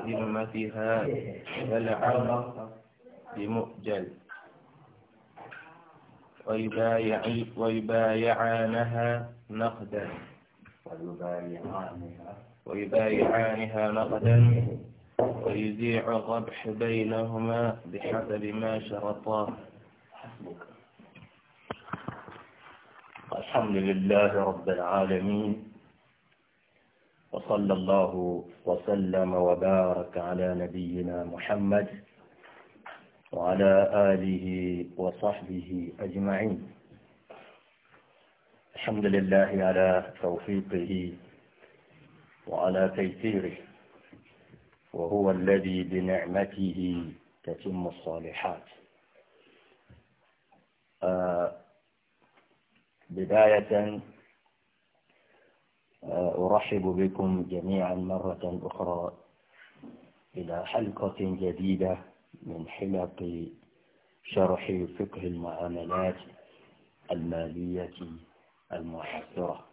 ذمتها يلعن بمؤجل ويبايع ويبايعانها نقدا ويبايعانها نقدا ويذيع الربح بينهما بحسب ما شرطاه الحمد لله رب العالمين وصلى الله وسلم وبارك على نبينا محمد وعلى آله وصحبه أجمعين الحمد لله على توفيقه وعلى تيسيره وهو الذي بنعمته تتم الصالحات آه، بداية آه، أرحب بكم جميعا مرة أخرى إلى حلقة جديدة من حلق شرح فقه المعاملات المالية المحصرة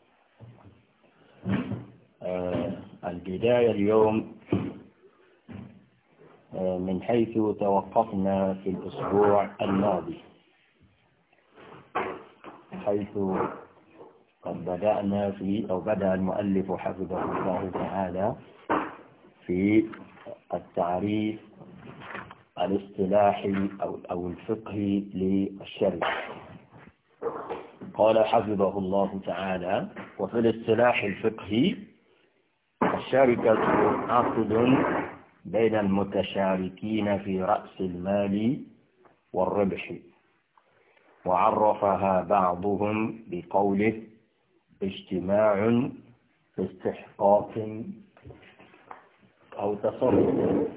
آه، البداية اليوم آه، من حيث توقفنا في الأسبوع الماضي حيث قد بدأنا في أو بدأ المؤلف حفظه الله تعالى في التعريف الاصطلاحي أو, أو الفقهي للشرع قال حفظه الله تعالى وفي الاصطلاح الفقهي الشركة عقد بين المتشاركين في رأس المال والربح وعرفها بعضهم بقوله اجتماع استحقاق أو تصرف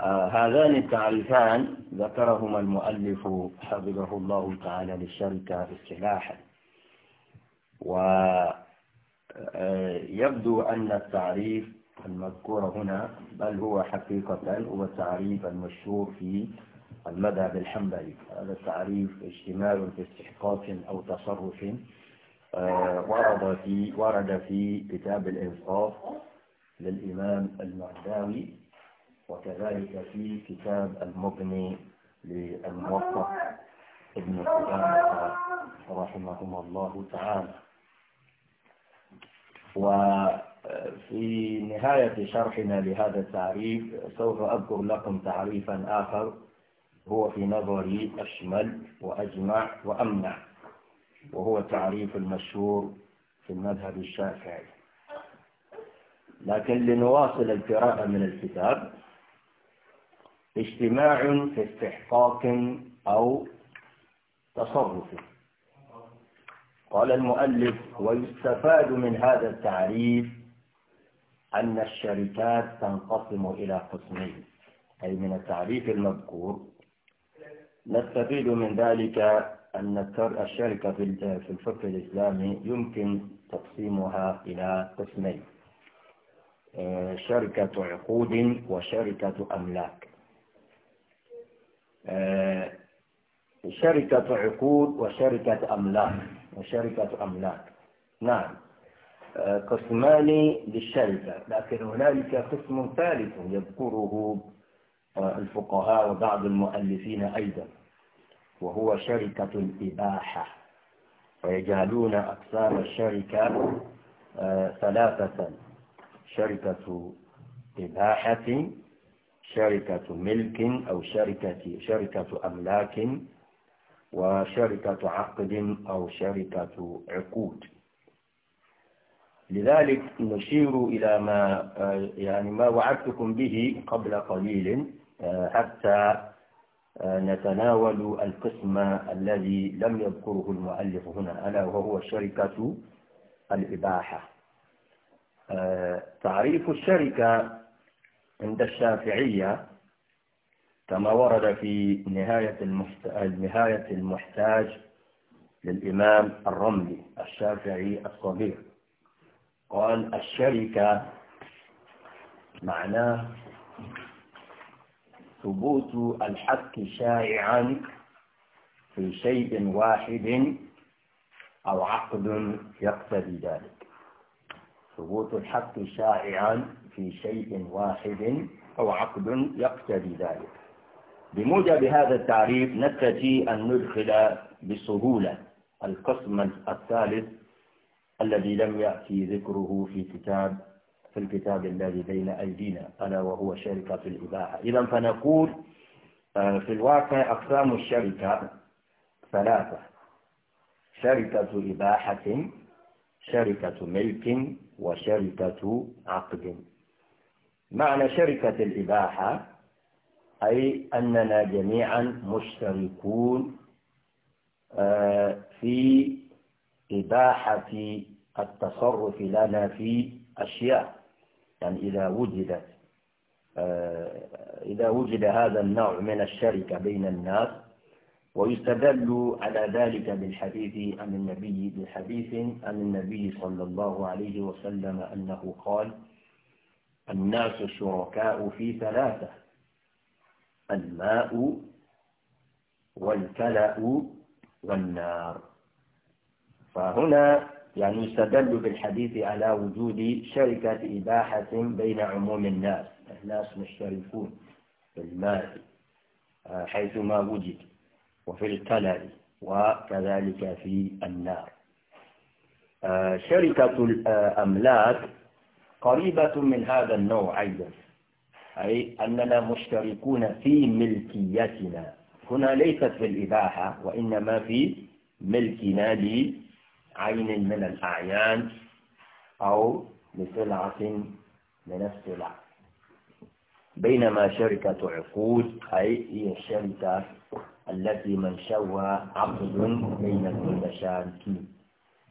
آه، هذان التعريفان ذكرهما المؤلف حفظه الله تعالى للشركة اصطلاحا ويبدو آه، أن التعريف المذكور هنا بل هو حقيقة هو التعريف المشهور في المذهب الحنبلي هذا التعريف اجتماع في استحقاق أو تصرف آه، ورد في ورد في كتاب الإنصاف للإمام المعداوي وكذلك في كتاب المبني للموفق ابن قدامة رحمه الله تعالى وفي نهاية شرحنا لهذا التعريف سوف أذكر لكم تعريفا آخر هو في نظري أشمل وأجمع وأمنع وهو التعريف المشهور في المذهب الشافعي لكن لنواصل القراءة من الكتاب اجتماع في استحقاق أو تصرف قال المؤلف ويستفاد من هذا التعريف أن الشركات تنقسم إلى قسمين أي من التعريف المذكور نستفيد من ذلك أن الشركة في الفقه الإسلامي يمكن تقسيمها إلى قسمين آه، شركة عقود وشركة أملاك آه، شركة عقود وشركة أملاك وشركة أملاك نعم آه، قسمان للشركة لكن هنالك قسم ثالث يذكره الفقهاء وبعض المؤلفين أيضا وهو شركة الإباحة ويجعلون أقسام الشركة آه، ثلاثة شركة إباحة شركة ملك أو شركة شركة أملاك وشركة عقد أو شركة عقود لذلك نشير إلى ما آه، يعني ما وعدتكم به قبل قليل آه، حتى آه، نتناول القسم الذي لم يذكره المؤلف هنا ألا وهو شركة الإباحة آه، تعريف الشركة عند الشافعية كما ورد في نهاية نهاية المحتاج للإمام الرملي الشافعي الصغير قال الشركة معناه ثبوت الحق شائعا في شيء واحد أو عقد يقتضي ذلك ثبوت الحق شائعا في شيء واحد أو عقد يقتضي ذلك بموجب هذا التعريف نستطيع أن ندخل بسهولة القسم الثالث الذي لم يأتي ذكره في كتاب في الكتاب الذي بين أيدينا ألا وهو شركة الإباحة إذا فنقول آه، في الواقع أقسام الشركة ثلاثة شركة إباحة شركة ملك وشركة عقد معنى شركة الإباحة أي أننا جميعا مشتركون آه، في إباحة التصرف لنا في أشياء يعني إذا وجدت آه، إذا وجد هذا النوع من الشركة بين الناس ويستدل على ذلك بالحديث عن النبي بحديث عن النبي صلى الله عليه وسلم أنه قال الناس شركاء في ثلاثة الماء والكلأ والنار فهنا يعني يستدل بالحديث على وجود شركة إباحة بين عموم الناس الناس مشتركون في المال آه، حيث ما وجد وفي القلع وكذلك في النار آه، شركة الأملاك قريبة من هذا النوع أيضا أي أننا مشتركون في ملكيتنا هنا ليست في الإباحة وإنما في ملكنا لي عين من الأعيان أو لسلعة من السلع بينما شركة عقود أي هي الشركة التي منشوها عقد بين المتشاركين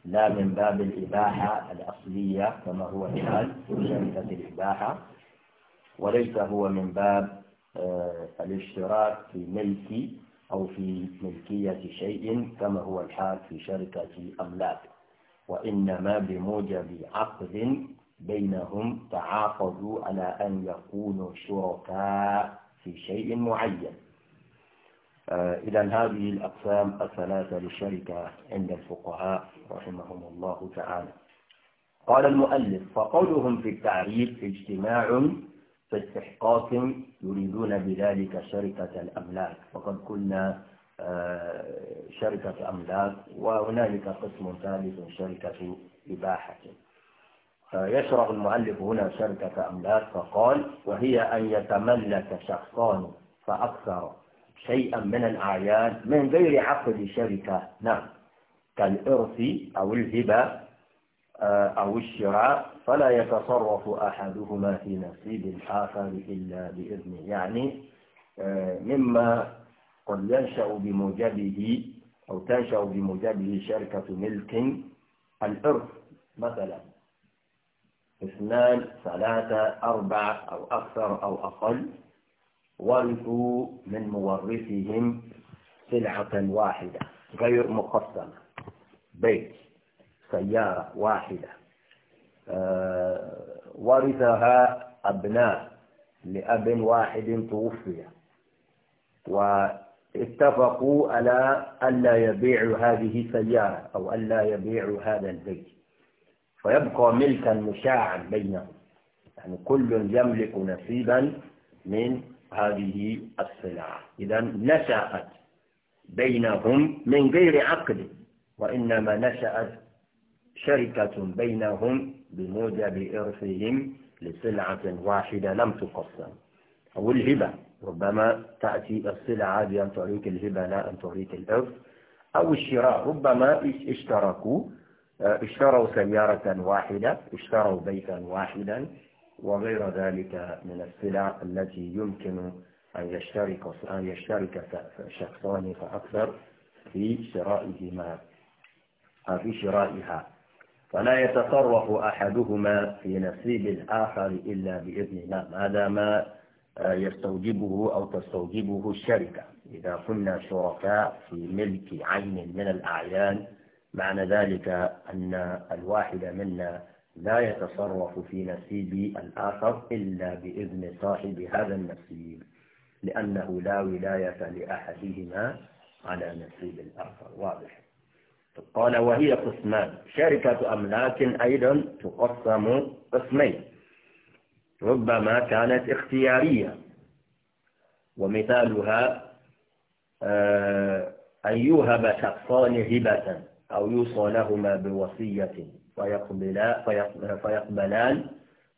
لا من باب الإباحة الأصلية كما هو الحال في شركة الإباحة وليس هو من باب آه، الاشتراك في ملكي أو في ملكية شيء كما هو الحال في شركة أملاك وإنما بموجب عقد بينهم تعاقدوا على أن يكونوا شركاء في شيء معين آه، إذا هذه الأقسام الثلاثة للشركة عند الفقهاء رحمهم الله تعالى قال المؤلف فقولهم في التعريف اجتماع فاستحقاق يريدون بذلك شركة الأملاك وقد قلنا آه، شركة أملاك وهنالك قسم ثالث شركة إباحة يشرح المؤلف هنا شركة أملاك فقال وهي أن يتملك شخصان فأكثر شيئا من الأعيان من غير عقد شركة نعم كالإرث أو الهبة آه، أو الشراء فلا يتصرف أحدهما في نصيب الآخر إلا بإذنه يعني آه، مما قد ينشأ بموجبه أو تنشأ بموجبه شركة ملك الإرث مثلا اثنان ثلاثة أربعة أو أكثر أو أقل ورثوا من مورثهم سلعة واحدة غير مقسمة بيت سيارة واحدة آه، ورثها أبناء لأب واحد توفي واتفقوا على ألا يبيعوا هذه السيارة أو ألا يبيعوا هذا البيت فيبقى ملكا مشاعا بينهم يعني كل يملك نصيبا من هذه السلعة إذا نشأت بينهم من غير عقد وإنما نشأت شركة بينهم بموجب إرثهم لسلعة واحدة لم تقسم أو الهبة ربما تأتي السلعة بأن طريق الهبة لا أن طريق الإرث أو الشراء ربما اشتركوا آه، اشتروا سيارة واحدة اشتروا بيتا واحدا وغير ذلك من السلع التي يمكن أن يشترك أن يشترك شخصان فأكثر في شرائهما آه، في شرائها فلا يتصرف أحدهما في نصيب الآخر إلا بإذن الله هذا ما آه، يستوجبه أو تستوجبه الشركة إذا كنا شركاء في ملك عين من الأعيان معنى ذلك أن الواحد منا لا يتصرف في نصيب الآخر إلا بإذن صاحب هذا النصيب لأنه لا ولاية لأحدهما على نصيب الآخر واضح قال وهي قسمان شركة أملاك أيضا تقسم قسمين ربما كانت اختيارية ومثالها آه، أن يوهب شخصان هبة أو يوصى لهما بوصية فيقبلا فيقبلان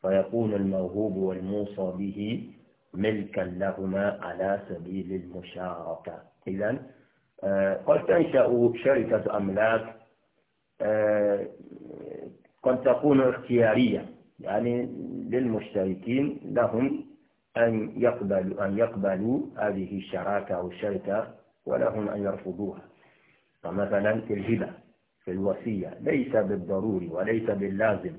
فيكون الموهوب والموصى به ملكا لهما على سبيل المشاركة إذا آه، قد تنشأ شركة أملاك آه، قد تكون اختيارية يعني للمشتركين لهم أن يقبلوا أن يقبلوا هذه الشراكة أو الشركة ولهم أن يرفضوها فمثلا في الهبة في الوصية ليس بالضروري وليس باللازم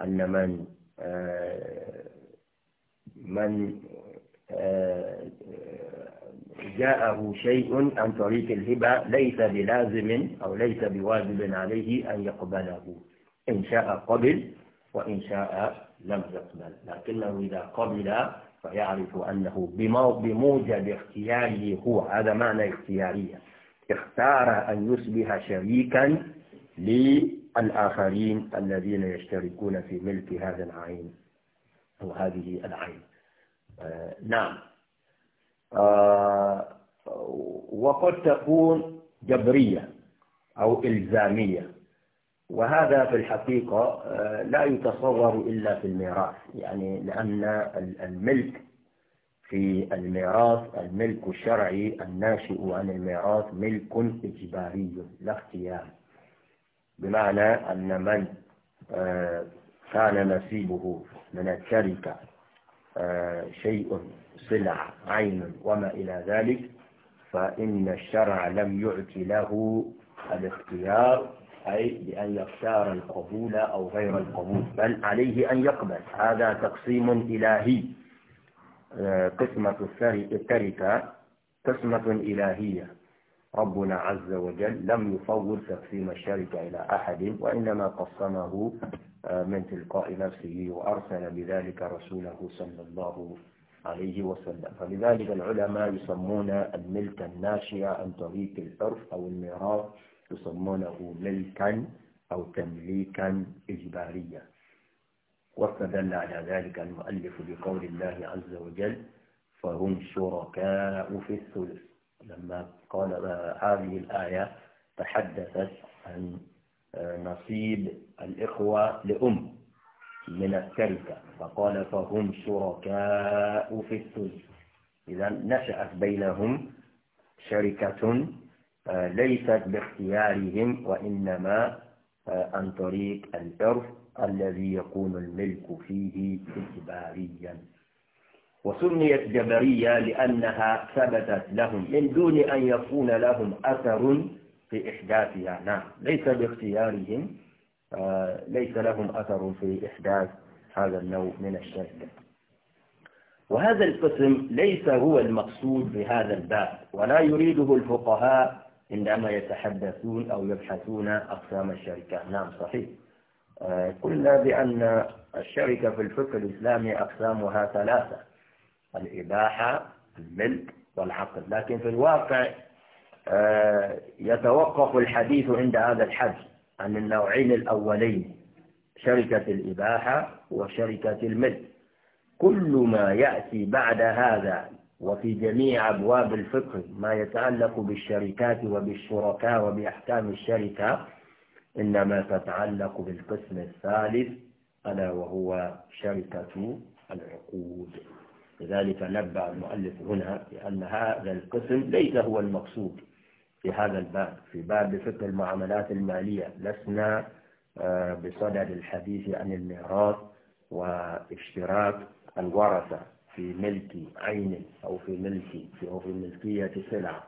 أن من آه، من جاءه شيء عن طريق الهبة ليس بلازم أو ليس بواجب عليه أن يقبله إن شاء قبل وإن شاء لم يقبل لكنه إذا قبل فيعرف أنه بموجب اختياره هو هذا معنى اختيارية اختار أن يصبح شريكا للآخرين الذين يشتركون في ملك هذا العين أو هذه العين آه نعم آه، وقد تكون جبرية أو إلزامية وهذا في الحقيقة آه، لا يتصور إلا في الميراث يعني لأن الملك في الميراث الملك الشرعي الناشئ عن الميراث ملك إجباري لا اختياري بمعنى أن من آه، كان نصيبه من الشركة شيء سلع عين وما إلى ذلك فإن الشرع لم يعط له الاختيار أي بأن يختار القبول أو غير القبول بل عليه أن يقبل هذا تقسيم إلهي آه، قسمة التركة قسمة إلهية ربنا عز وجل لم يفوض تقسيم الشركة إلى أحد وإنما قسمه آه، من تلقاء نفسه وأرسل بذلك رسوله صلى الله عليه وسلم عليه وسلم فلذلك العلماء يسمون الملك الناشئ عن طريق الأرف أو الميراث يسمونه ملكا أو تمليكا إجباريا واستدل على ذلك المؤلف بقول الله عز وجل فهم شركاء في الثلث لما قال هذه الآية تحدثت عن نصيب الإخوة لأم من التركة فقال فهم شركاء في الثلث إذا نشأت بينهم شركة آه، ليست باختيارهم وإنما آه، عن طريق الإرث الذي يكون الملك فيه إجباريا وسميت جبرية لأنها ثبتت لهم من دون أن يكون لهم أثر في إحداثها نعم ليس باختيارهم آه، ليس لهم أثر في إحداث هذا النوع من الشركة وهذا القسم ليس هو المقصود بهذا الباب ولا يريده الفقهاء عندما يتحدثون أو يبحثون أقسام الشركة نعم صحيح آه، قلنا بأن الشركة في الفقه الإسلامي أقسامها ثلاثة الإباحة الملك والعقد لكن في الواقع آه، يتوقف الحديث عند هذا الحد عن النوعين الأولين شركة الإباحة وشركة الملك كل ما يأتي بعد هذا وفي جميع أبواب الفقه ما يتعلق بالشركات وبالشركاء وبأحكام الشركة إنما تتعلق بالقسم الثالث ألا وهو شركة العقود لذلك نبع المؤلف هنا بأن هذا القسم ليس هو المقصود في هذا الباب في باب فقه المعاملات المالية لسنا آه، بصدد الحديث عن الميراث واشتراك الورثة في ملك عين أو في ملك أو في ملكية سلعة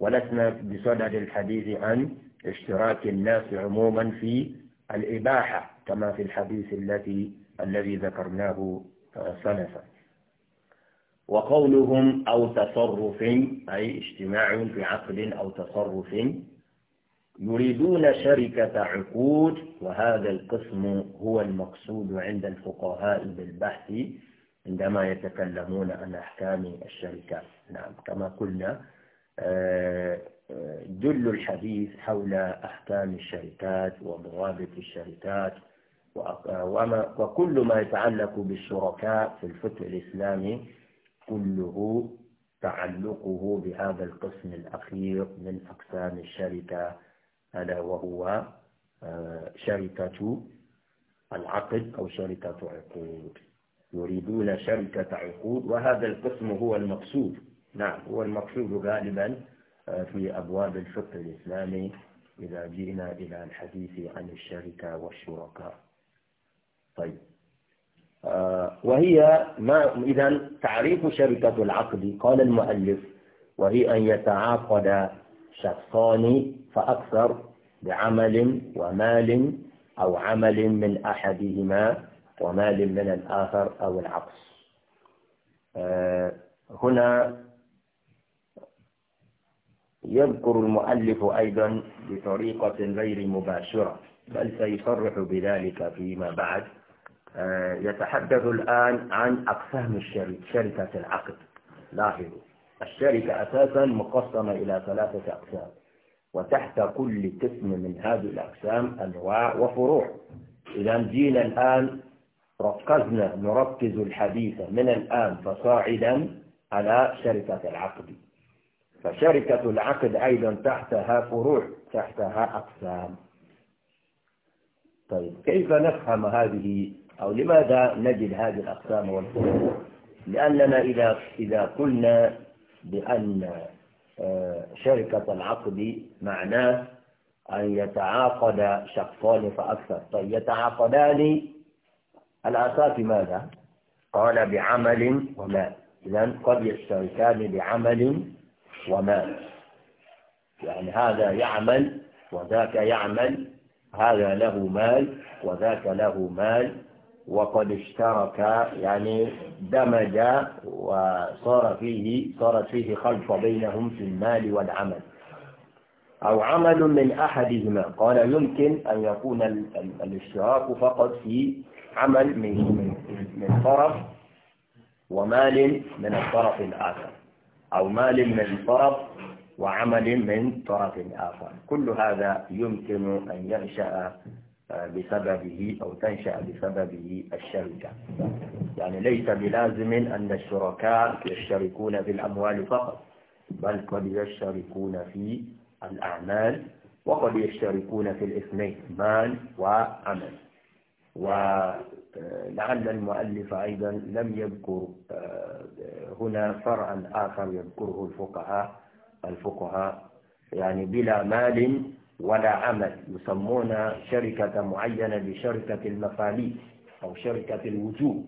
ولسنا بصدد الحديث عن اشتراك الناس عموما في الإباحة كما في الحديث التي الذي ذكرناه آه، سلفا وقولهم أو تصرف أي اجتماع بعقل أو تصرف يريدون شركة عقود وهذا القسم هو المقصود عند الفقهاء بالبحث عندما يتكلمون عن أحكام الشركات نعم كما قلنا جل آه، الحديث حول أحكام الشركات وضوابط الشركات وما وكل ما يتعلق بالشركاء في الفقه الإسلامي كله تعلقه بهذا القسم الأخير من أقسام الشركة ألا وهو آه، شركة العقد أو شركة عقود يريدون شركة عقود وهذا القسم هو المقصود نعم هو المقصود غالبا آه، في أبواب الفقه الإسلامي إذا جئنا إلى الحديث عن الشركة والشركاء طيب آه، وهي ما إذا تعريف شركة العقد قال المؤلف وهي أن يتعاقد شخصان فأكثر بعمل ومال أو عمل من أحدهما ومال من الآخر أو العكس آه، هنا يذكر المؤلف أيضا بطريقة غير مباشرة بل سيصرح بذلك فيما بعد آه، يتحدث الآن عن أقسام الشركة شركة العقد لاحظوا الشركة أساسا مقسمة إلى ثلاثة أقسام وتحت كل قسم من هذه الأقسام أنواع وفروع إذا جينا الآن ركزنا نركز الحديث من الآن فصاعدا على شركة العقد فشركة العقد أيضا تحتها فروع تحتها أقسام طيب كيف نفهم هذه أو لماذا نجد هذه الأقسام والفروع لأننا إذا إذا قلنا بأن آه، شركة العقد معناه أن يتعاقد شخصان فأكثر طيب يتعاقدان الأساس ماذا؟ قال بعمل ومال إذا قد يشتركان بعمل ومال يعني هذا يعمل وذاك يعمل هذا له مال وذاك له مال وقد اشترك يعني دمج وصار فيه صارت فيه خلف بينهم في المال والعمل أو عمل من أحدهما قال يمكن أن يكون الاشتراك فقط في عمل من من طرف ومال من الطرف الآخر أو مال من طرف وعمل من طرف آخر كل هذا يمكن أن ينشأ بسببه أو تنشأ بسببه الشركة يعني ليس بلازم أن الشركاء يشتركون في الأموال فقط بل قد يشتركون في الأعمال وقد يشتركون في الاثنين مال وعمل ولعل المؤلف أيضا لم يذكر آه، هنا فرعا آخر يذكره الفقهاء الفقهاء يعني بلا مال ولا عمل يسمون شركة معينة بشركة المفاليس أو شركة الوجوه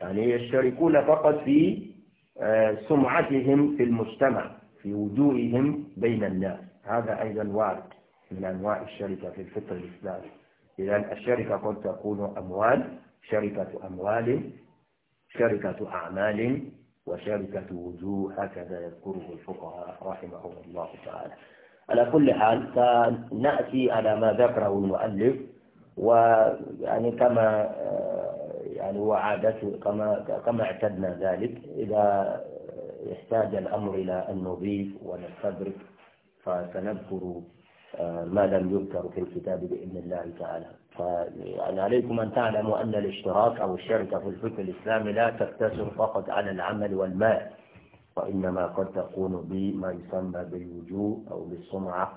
يعني يشتركون فقط في آه، سمعتهم في المجتمع في وجوههم بين الناس هذا أيضا وارد من أنواع الشركة في الفطر الإسلامي إذا الشركة قد تكون أموال شركة أموال شركة أعمال وشركة وجوه هكذا يذكره الفقهاء رحمهم الله تعالى على كل حال سنأتي على ما ذكره المؤلف ويعني كما يعني وعادته كما كما اعتدنا ذلك إذا احتاج الأمر إلى أن نضيف ونستدرك فسنذكر آه، ما لم يذكر في الكتاب بإذن الله تعالى فيعني عليكم أن تعلموا أن الاشتراك أو الشركة في الفكر الإسلامي لا تقتصر فقط على العمل والمال وإنما قد تكون بما يسمى بالوجوه أو بالصنعة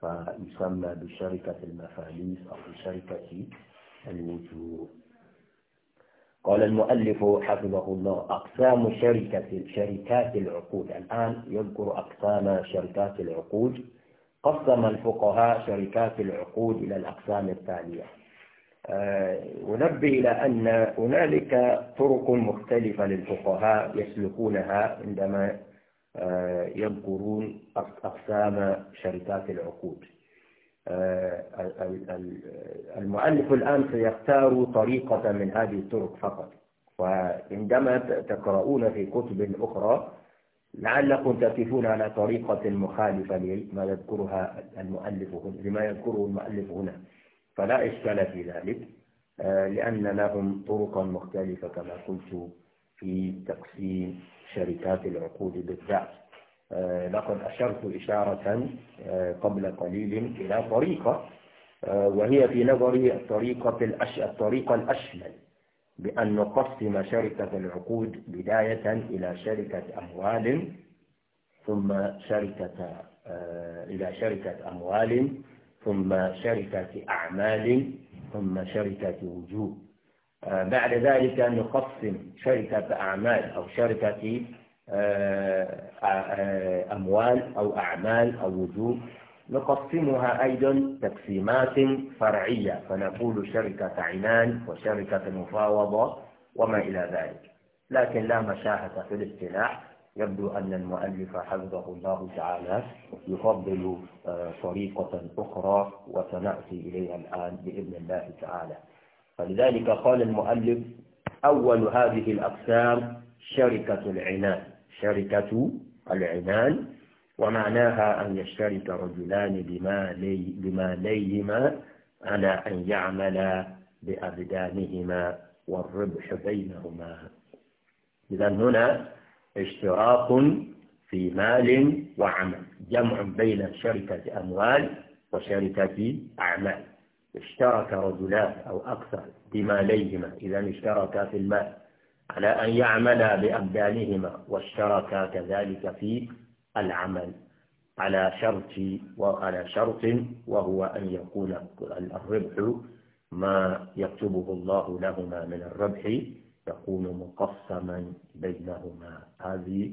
فيسمى بشركة المفاليس أو بشركة الوجوه قال المؤلف حفظه الله أقسام شركة شركات العقود الآن يذكر أقسام شركات العقود قسم الفقهاء شركات العقود إلى الأقسام التالية آه، أنبه إلى أن هنالك طرق مختلفة للفقهاء يسلكونها عندما آه، يذكرون أقسام شركات العقود آه، المؤلف الآن سيختار طريقة من هذه الطرق فقط وعندما تقرؤون في كتب أخرى لعلكم تقفون على طريقة مخالفة لما يذكرها المؤلف لما يذكره المؤلف هنا فلا إشكال في ذلك آه، لأن لهم طرقا مختلفة كما قلت في تقسيم شركات العقود بالذات آه، لقد أشرت إشارة آه، قبل قليل إلى طريقة وهي في نظري الطريقة الطريقة الأشمل بأن نقسم شركة العقود بداية إلى شركة أموال ثم شركة إلى شركة أموال ثم شركة أعمال ثم شركة وجوه آه، بعد ذلك نقسم شركة أعمال أو شركة آه، آه، أموال أو أعمال أو وجوه نقسمها أيضا تقسيمات فرعية فنقول شركة عنان وشركة مفاوضة وما إلى ذلك لكن لا مشاهدة في الاصطلاح يبدو أن المؤلف حفظه الله تعالى يفضل آه، طريقة أخرى وسنأتي إليها الآن بإذن الله تعالى فلذلك قال المؤلف أول هذه الأقسام شركة العنان شركة العنان ومعناها أن يشترك رجلان بمالي بماليهما على أن يعمل بأبدانهما والربح بينهما إذا هنا اشتراك في مال وعمل جمع بين شركة أموال وشركة أعمال اشترك رجلان أو أكثر بماليهما إذا اشتركا في المال على أن يعملا بأبدانهما واشتركا كذلك في العمل على شرط وعلى شرط وهو أن يكون الربح ما يكتبه الله لهما من الربح يكون مقسما بينهما هذه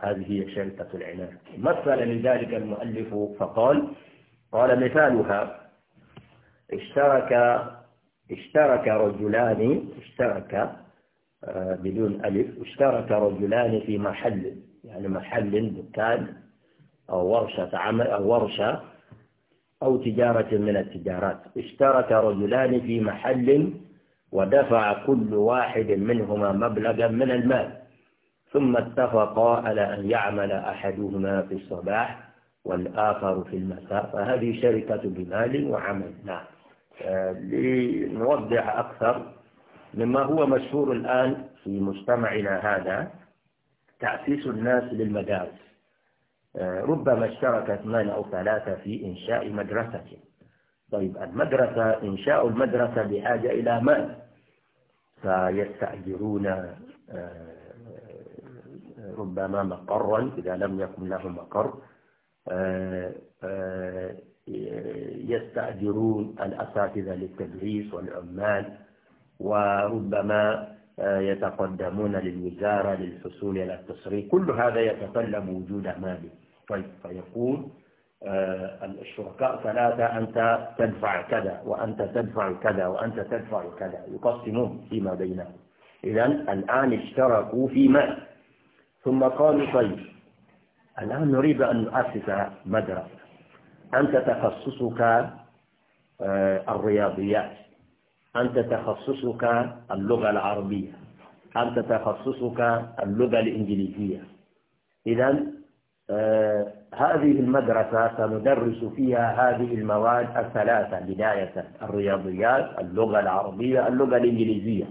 هذه هي شركة العناد مثل لذلك المؤلف فقال قال مثالها اشترك اشترك رجلان اشترك آه، بدون ألف اشترك رجلان في محل يعني محل دكان أو ورشة عمل أو ورشة أو تجارة من التجارات اشترك رجلان في محل ودفع كل واحد منهما مبلغا من المال ثم اتفقا على أن يعمل أحدهما في الصباح والآخر في المساء فهذه شركة بمال وعمل نعم آه، لنوضح أكثر مما هو مشهور الآن في مجتمعنا هذا تأسيس الناس للمدارس آه، ربما اشترك اثنان أو ثلاثة في إنشاء مدرسة طيب المدرسة إنشاء المدرسة بحاجة إلى مال فيستأجرون آه، ربما مقرا إذا لم يكن له مقر آه، آه، يستأجرون الأساتذة للتدريس والعمال وربما يتقدمون للوزارة للحصول على التصريح كل هذا يتطلب وجود مال طيب فيكون آه، الشركاء ثلاثة أنت تدفع كذا وأنت تدفع كذا وأنت تدفع كذا يقسمون فيما بينهم إذا الآن اشتركوا في مال ثم قالوا طيب الآن نريد أن نؤسس مدرسة أنت تخصصك آه، الرياضيات أنت تخصصك اللغة العربية أنت تخصصك اللغة الإنجليزية إذا آه، هذه المدرسة سندرس فيها هذه المواد الثلاثة بداية الرياضيات اللغة العربية اللغة الإنجليزية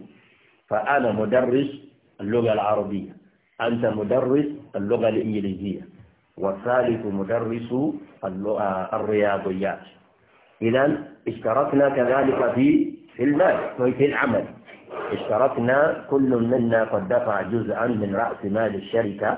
فأنا مدرس اللغة العربية أنت مدرس اللغة الإنجليزية والثالث مدرس آه، الرياضيات إذا اشتركنا كذلك في في المال في العمل اشتركنا كل منا قد دفع جزءا من رأس مال الشركة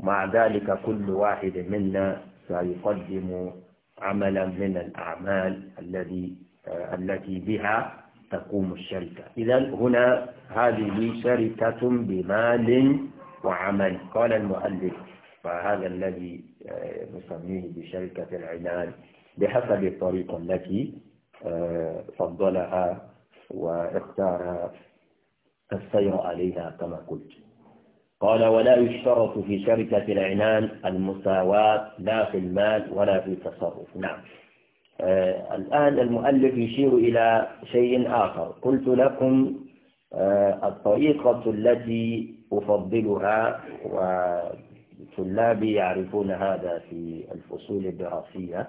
مع ذلك كل واحد منا سيقدم عملا من الأعمال الذي آه، التي بها تقوم الشركة إذا هنا هذه شركة بمال وعمل قال المؤلف فهذا الذي آه، نسميه بشركة العنان بحسب الطريقة التي آه، فضلها واختار السير عليها كما قلت قال ولا يشترط في شركة العنان المساواة لا في المال ولا في التصرف نعم آه الآن المؤلف يشير إلى شيء آخر قلت لكم آه الطريقة التي أفضلها وطلابي يعرفون هذا في الفصول الدراسية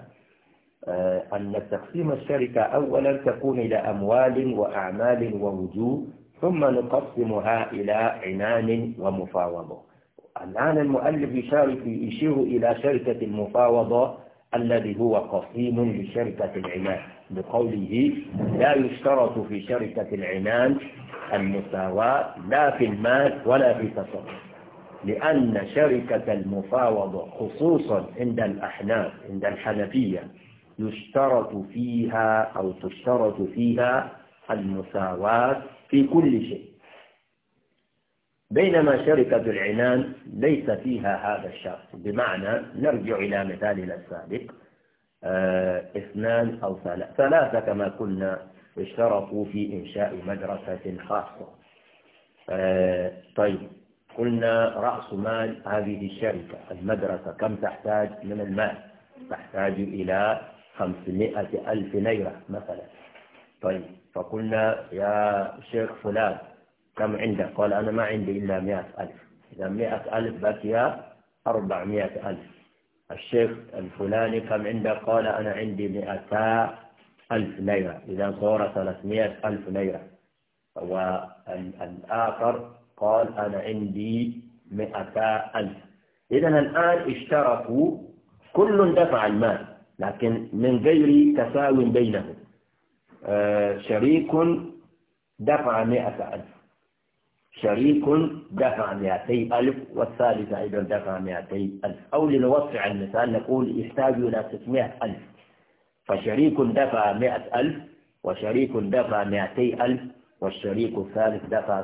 آه أن تقسيم الشركة أولا تكون إلى أموال وأعمال ووجوه ثم نقسمها إلى عنان ومفاوضة الآن المؤلف يشارك يشير إلى شركة المفاوضة الذي هو قسيم لشركة العنان بقوله لا يشترط في شركة العنان المساواة لا في المال ولا في التصرف لأن شركة المفاوضة خصوصا عند الأحناف عند الحنفية يشترط فيها أو تشترط فيها المساواة في كل شيء بينما شركة العنان ليس فيها هذا الشرط بمعنى نرجع إلى مثالنا السابق اه اثنان أو ثلاثة كما كنا اشترطوا في إنشاء مدرسة خاصة اه طيب قلنا رأس مال هذه الشركة المدرسة كم تحتاج من المال تحتاج إلى خمسمائة ألف ليرة مثلا طيب فقلنا يا شيخ فلان كم عندك قال أنا ما عندي إلا مئة ألف إذا مئة ألف بقي أربعمائة ألف الشيخ الفلاني كم عندك قال أنا عندي مئتا ألف ليرة إذا صار ثلاثمائة ألف ليرة والآخر قال أنا عندي مئتا ألف إذا الآن اشتركوا كل دفع المال لكن من غير تساوي بينهم شريك دفع مئة ألف شريك دفع مئتي ألف والثالث أيضا دفع مئتي ألف أو للوصف عن المثال نقول يحتاج إلى 600 ألف فشريك دفع مئة ألف وشريك دفع مئتي ألف والشريك الثالث دفع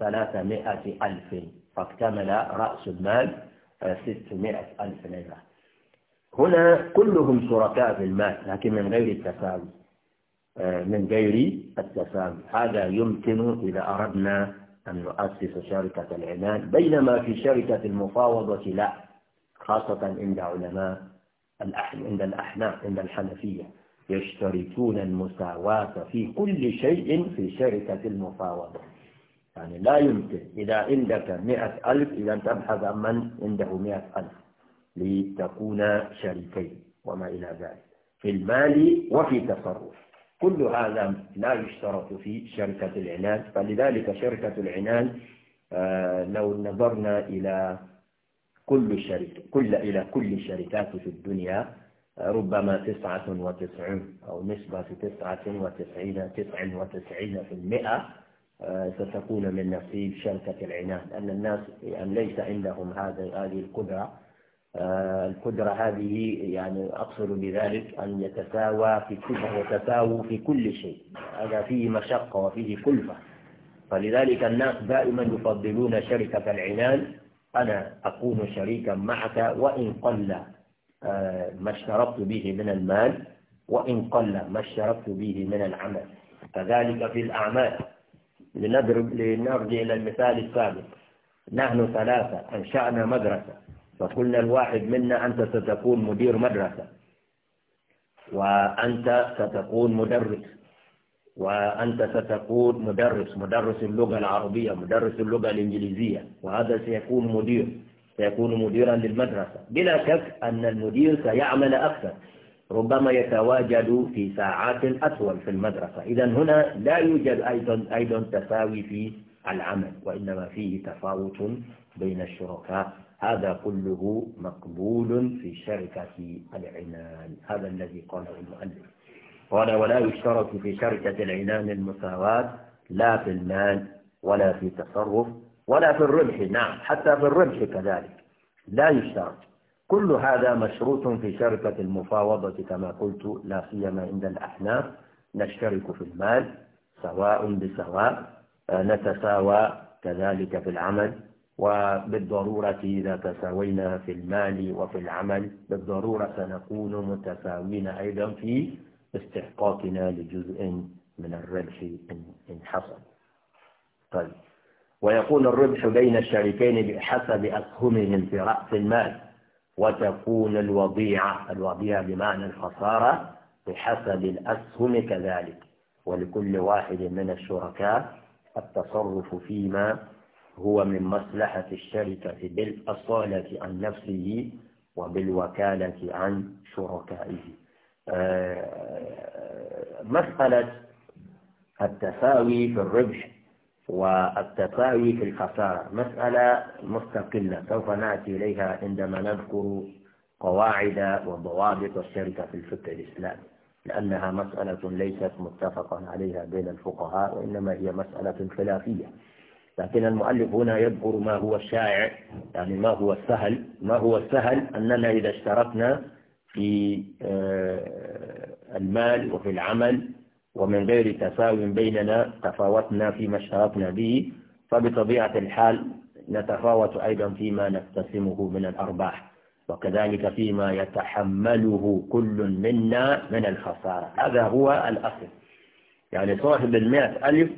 ثلاثمائة ألف فاكتمل رأس المال ستمائة ألف ليرة هنا كلهم شركاء في المال لكن من غير التساوي آه، من غير التسامح هذا يمكن إذا أردنا أن نؤسس شركة العناد بينما في شركة المفاوضة لا خاصة عند علماء عند الأحناف عند الحنفية يشتركون المساواة في كل شيء في شركة المفاوضة يعني لا يمكن إذا عندك مئة ألف إذا تبحث عن من عنده مئة ألف لتكون شريكين وما إلى ذلك في المال وفي تصرف كل هذا لا يشترط في شركة العنان فلذلك شركة العنان آه، لو نظرنا إلى كل شركة كل إلى كل الشركات في الدنيا آه، ربما تسعة وتسعون أو نسبة تسعة وتسعين تسعة وتسعين في المئة آه، ستكون من نصيب شركة العنان أن الناس أن يعني ليس عندهم هذا هذه القدرة آه، القدرة هذه يعني أقصد بذلك أن يتساوى في كل وتساووا في كل شيء هذا فيه مشقة وفيه كلفة فلذلك الناس دائما يفضلون شركة العنان أنا أكون شريكا معك وإن قل آه، ما اشترطت به من المال وإن قل ما اشترطت به من العمل كذلك في الأعمال لنضرب لنرجع إلى المثال السابق نحن ثلاثة أنشأنا مدرسة فقلنا الواحد منا أنت ستكون مدير مدرسة وأنت ستكون مدرس وأنت ستكون مدرس مدرس اللغة العربية مدرس اللغة الإنجليزية وهذا سيكون مدير سيكون مديرا للمدرسة بلا شك أن المدير سيعمل أكثر ربما يتواجد في ساعات أطول في المدرسة إذا هنا لا يوجد أيضا أيضا تساوي في العمل وإنما فيه تفاوت بين الشركاء هذا كله مقبول في شركة العنان هذا الذي قاله المؤلف قال ولا يشترك في شركة العنان المساواة لا في المال ولا في التصرف ولا في الربح نعم حتى في الربح كذلك لا يشترك كل هذا مشروط في شركة المفاوضة كما قلت لا سيما عند الأحناف نشترك في المال سواء بسواء نتساوى كذلك في العمل وبالضرورة إذا تساوينا في المال وفي العمل بالضرورة سنكون متساوين أيضا في استحقاقنا لجزء من الربح إن حصل طيب ويكون الربح بين الشريكين بحسب أسهمهم في رأس المال وتكون الوضيعة الوضيعة بمعنى الخسارة بحسب الأسهم كذلك ولكل واحد من الشركاء التصرف فيما هو من مصلحة الشركة بالأصالة عن نفسه وبالوكالة عن شركائه آه، مسألة التساوي في الربح والتساوي في الخسارة مسألة مستقلة سوف نأتي إليها عندما نذكر قواعد وضوابط الشركة في الفقه الإسلامي لأنها مسألة ليست متفقا عليها بين الفقهاء وإنما هي مسألة خلافية لكن المؤلف هنا يذكر ما هو الشائع يعني ما هو السهل ما هو السهل أننا إذا اشتركنا في آه، المال وفي العمل ومن غير تساو بيننا تفاوتنا فيما اشتركنا به فبطبيعة الحال نتفاوت أيضا فيما نقتسمه من الأرباح وكذلك فيما يتحمله كل منا من الخسارة هذا هو الأصل يعني صاحب المئة ألف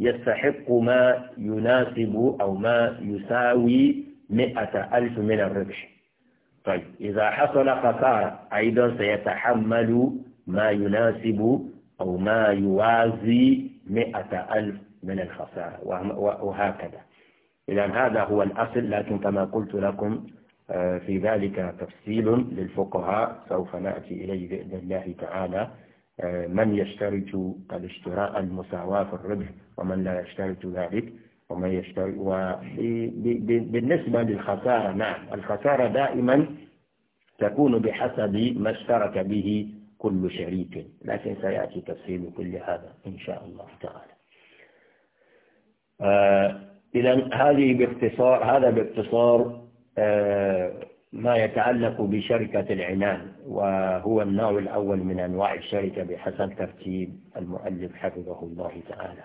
يستحق ما يناسب أو ما يساوي مئة ألف من الربح طيب إذا حصل خسارة أيضا سيتحمل ما يناسب أو ما يوازي مئة ألف من الخسارة وهكذا إذا هذا هو الأصل لكن كما قلت لكم آه، في ذلك تفصيل للفقهاء سوف نأتي إليه بإذن الله تعالى من يشترط الاشتراء المساواة في الربح ومن لا يشترط ذلك ومن يشترط وبالنسبة للخسارة نعم الخسارة دائما تكون بحسب ما اشترك به كل شريك لكن سيأتي تفصيل كل هذا إن شاء الله تعالى آه، إذا هذه باختصار هذا باختصار آه ما يتعلق بشركة العنان وهو النوع الأول من أنواع الشركة بحسب ترتيب المؤلف حفظه الله تعالى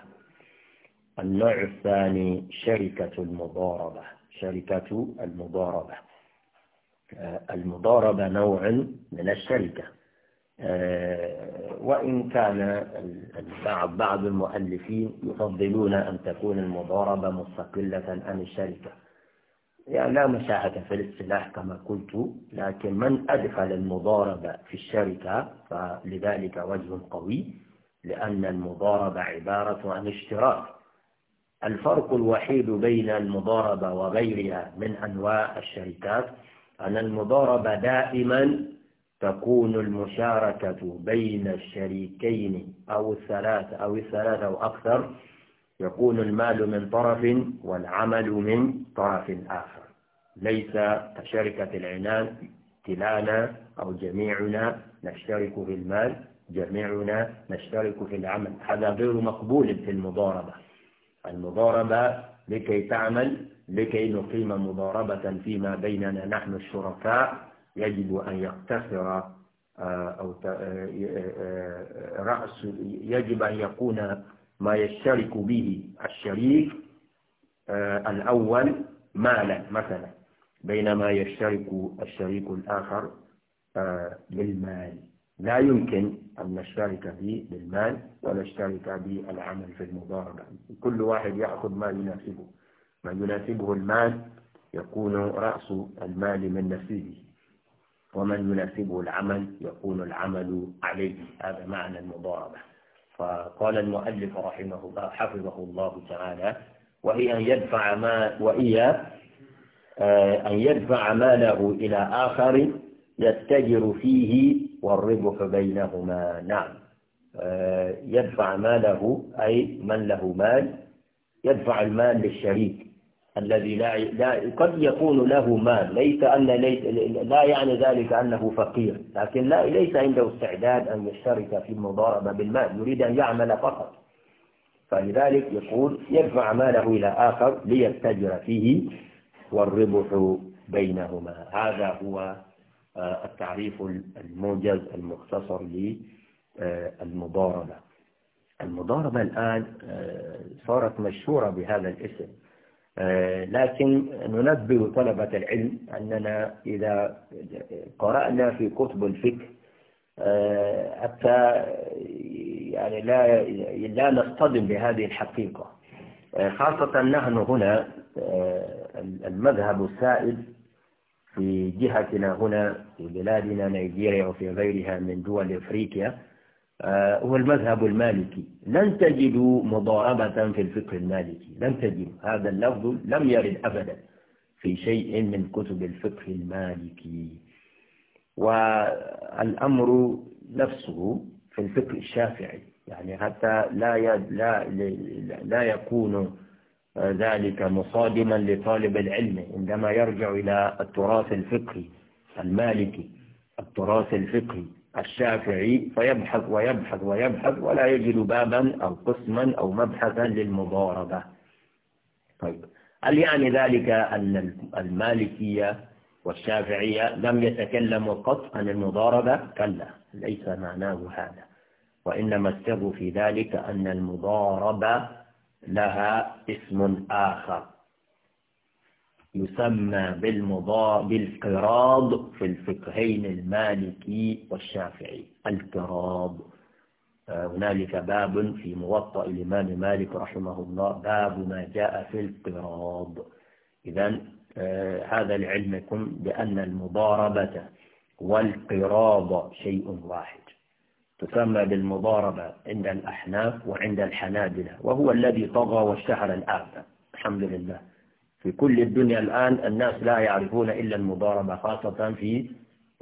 النوع الثاني شركة المضاربة شركة المضاربة المضاربة نوع من الشركة وإن كان بعض المؤلفين يفضلون أن تكون المضاربة مستقلة عن الشركة يعني لا مساحة في الاصطلاح كما قلت لكن من أدخل المضاربة في الشركة فلذلك وجه قوي لأن المضاربة عبارة عن اشتراك الفرق الوحيد بين المضاربة وغيرها من أنواع الشركات أن المضاربة دائما تكون المشاركة بين الشريكين أو الثلاثة أو الثلاثة أو أكثر يكون المال من طرف والعمل من طرف آخر ليس كشركة العنان كلانا أو جميعنا نشترك في المال جميعنا نشترك في العمل هذا غير مقبول في المضاربة المضاربة لكي تعمل لكي نقيم مضاربة فيما بيننا نحن الشركاء يجب أن يقتصر آه، أو آه، آه، رأس يجب أن يكون ما يشترك به الشريك آه، الأول مالا مثلا بينما يشترك الشريك الآخر آه، بالمال لا يمكن أن نشترك به بالمال ونشترك بالعمل في المضاربة كل واحد يأخذ ما يناسبه ما يناسبه المال يكون رأس المال من نفسه ومن يناسبه العمل يكون العمل عليه هذا معنى المضاربة فقال المؤلف رحمه الله حفظه الله تعالى وهي أن يدفع ما وهي آه، أن يدفع ماله إلى آخر يتجر فيه والربح بينهما نعم آه، يدفع ماله أي من له مال يدفع المال للشريك الذي لا لا قد يكون له مال ليس أن ليس لا يعني ذلك أنه فقير لكن لا ليس عنده استعداد أن يشترك في المضاربة بالمال يريد أن يعمل فقط فلذلك يقول يدفع ماله إلى آخر ليتجر فيه والربح بينهما هذا هو آه، التعريف الموجز المختصر للمضاربة آه، المضاربة الآن آه، صارت مشهورة بهذا الاسم آه، لكن ننبه طلبة العلم أننا إذا قرأنا في كتب الفقه آه، حتى يعني لا لا نصطدم بهذه الحقيقة آه، خاصة نحن هنا المذهب السائد في جهتنا هنا في بلادنا نيجيريا وفي غيرها من دول افريقيا آه، هو المذهب المالكي لن تجدوا مضاربة في الفقه المالكي لن تجدوا هذا اللفظ لم يرد أبدا في شيء من كتب الفقه المالكي والأمر نفسه في الفقه الشافعي يعني حتى لا لا لا يكون ذلك مصادما لطالب العلم عندما يرجع إلى التراث الفقهي المالكي التراث الفقهي الشافعي فيبحث ويبحث ويبحث ولا يجد بابا أو قسما أو مبحثا للمضاربة طيب هل يعني ذلك أن المالكية والشافعية لم يتكلموا قط عن المضاربة كلا ليس معناه هذا وإنما السر في ذلك أن المضاربة لها اسم آخر يسمى بالمضاء بالقراض في الفقهين المالكي والشافعي القراض آه، هنالك باب في موطأ الإمام مالك رحمه الله باب ما جاء في القراض إذا آه، هذا العلم يكون بأن المضاربة والقراض شيء واحد تسمى بالمضاربة عند الأحناف وعند الحنابلة وهو الذي طغى واشتهر الآن الحمد لله في كل الدنيا الآن الناس لا يعرفون إلا المضاربة خاصة في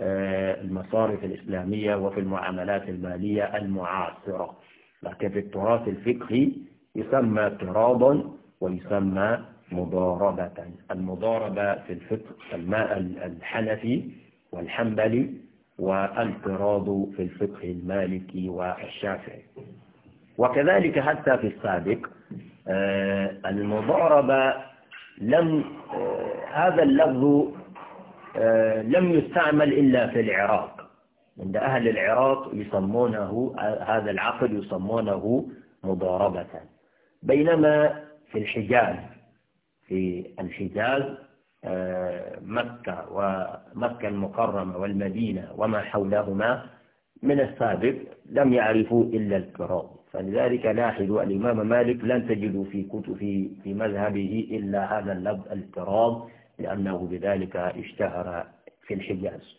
آه، المصارف الإسلامية وفي المعاملات المالية المعاصرة لكن في التراث الفقهي يسمى اقتراضا ويسمى مضاربة المضاربة في الفقه الماء الحنفي والحنبلي والاقتراض في الفقه المالكي والشافعي وكذلك حتى في السابق آه، المضاربة لم آه، هذا اللفظ آه، لم يستعمل إلا في العراق عند أهل العراق يسمونه هذا العقل يسمونه مضاربة بينما في الحجاز في الحجاز آه، مكة ومكة المكرمة والمدينة وما حولهما من السابق لم يعرفوا إلا الكرام فلذلك لاحظوا الإمام مالك لن تجدوا في كتب في, مذهبه إلا هذا اللب الاضطراب لأنه بذلك اشتهر في الحجاز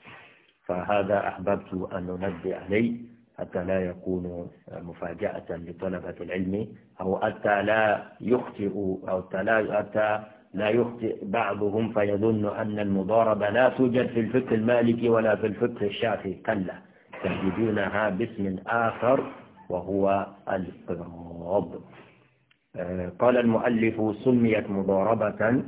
فهذا أحببت أن ننبه عليه حتى لا يكون مفاجأة لطلبة العلم أو حتى لا يخطئ أو حتى لا يخطئ بعضهم فيظن أن المضاربة لا توجد في الفقه المالكي ولا في الفقه الشافعي كلا تجدونها باسم آخر وهو الاضطراب آه، قال المؤلف سميت مضاربة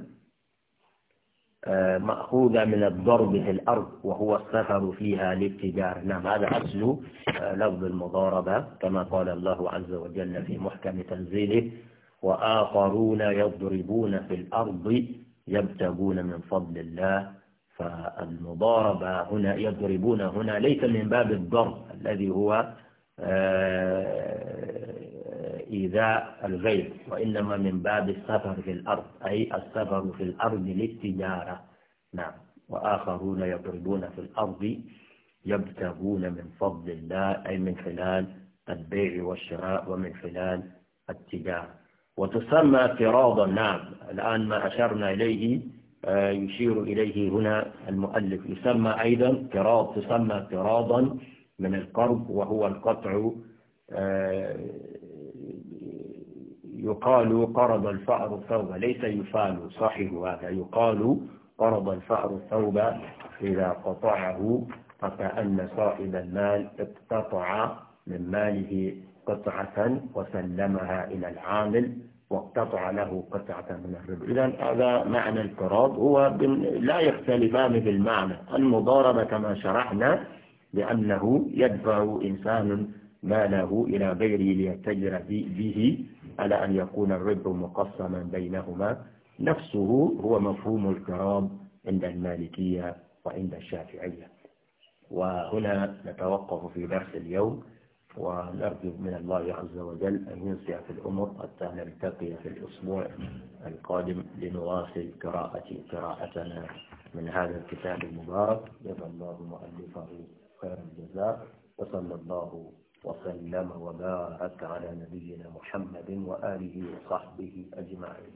آه، مأخوذة من الضرب في الأرض وهو السفر فيها للتجارة نعم هذا أصل آه، لفظ المضاربة كما قال الله عز وجل في محكم تنزيله وآخرون يضربون في الأرض يبتغون من فضل الله فالمضاربة هنا يضربون هنا ليس من باب الضرب الذي هو آه، إيذاء الغير وإنما من باب السفر في الأرض أي السفر في الأرض للتجارة نعم وآخرون يضربون في الأرض يبتغون من فضل الله أي من خلال البيع والشراء ومن خلال التجارة وتسمى فراضا نعم الآن ما أشرنا إليه آه، يشير إليه هنا المؤلف يسمى أيضا فراض تسمى فراضا من القرض وهو القطع آه، يقال قرض الفأر الثوب ليس يفال صاحب هذا يقال قرض الفأر الثوب إذا قطعه فكأن صاحب المال اقتطع من ماله قطعة وسلمها إلى العامل واقتطع له قطعة من الربح إذا هذا معنى القراض هو لا يختلفان بالمعنى المضاربة كما شرحنا لأنه يدفع إنسان ماله إلى غيره ليتجر به على أن يكون الرب مقسما بينهما نفسه هو مفهوم الكرام عند المالكية وعند الشافعية وهنا نتوقف في درس اليوم ونرجو من الله عز وجل أن ينسع في الأمر حتى نلتقي في الأسبوع القادم لنواصل قراءة قراءتنا من هذا الكتاب المبارك جزا الله مؤلفه خير الجزاء وصلى الله وسلم وبارك على نبينا محمد وآله وصحبه أجمعين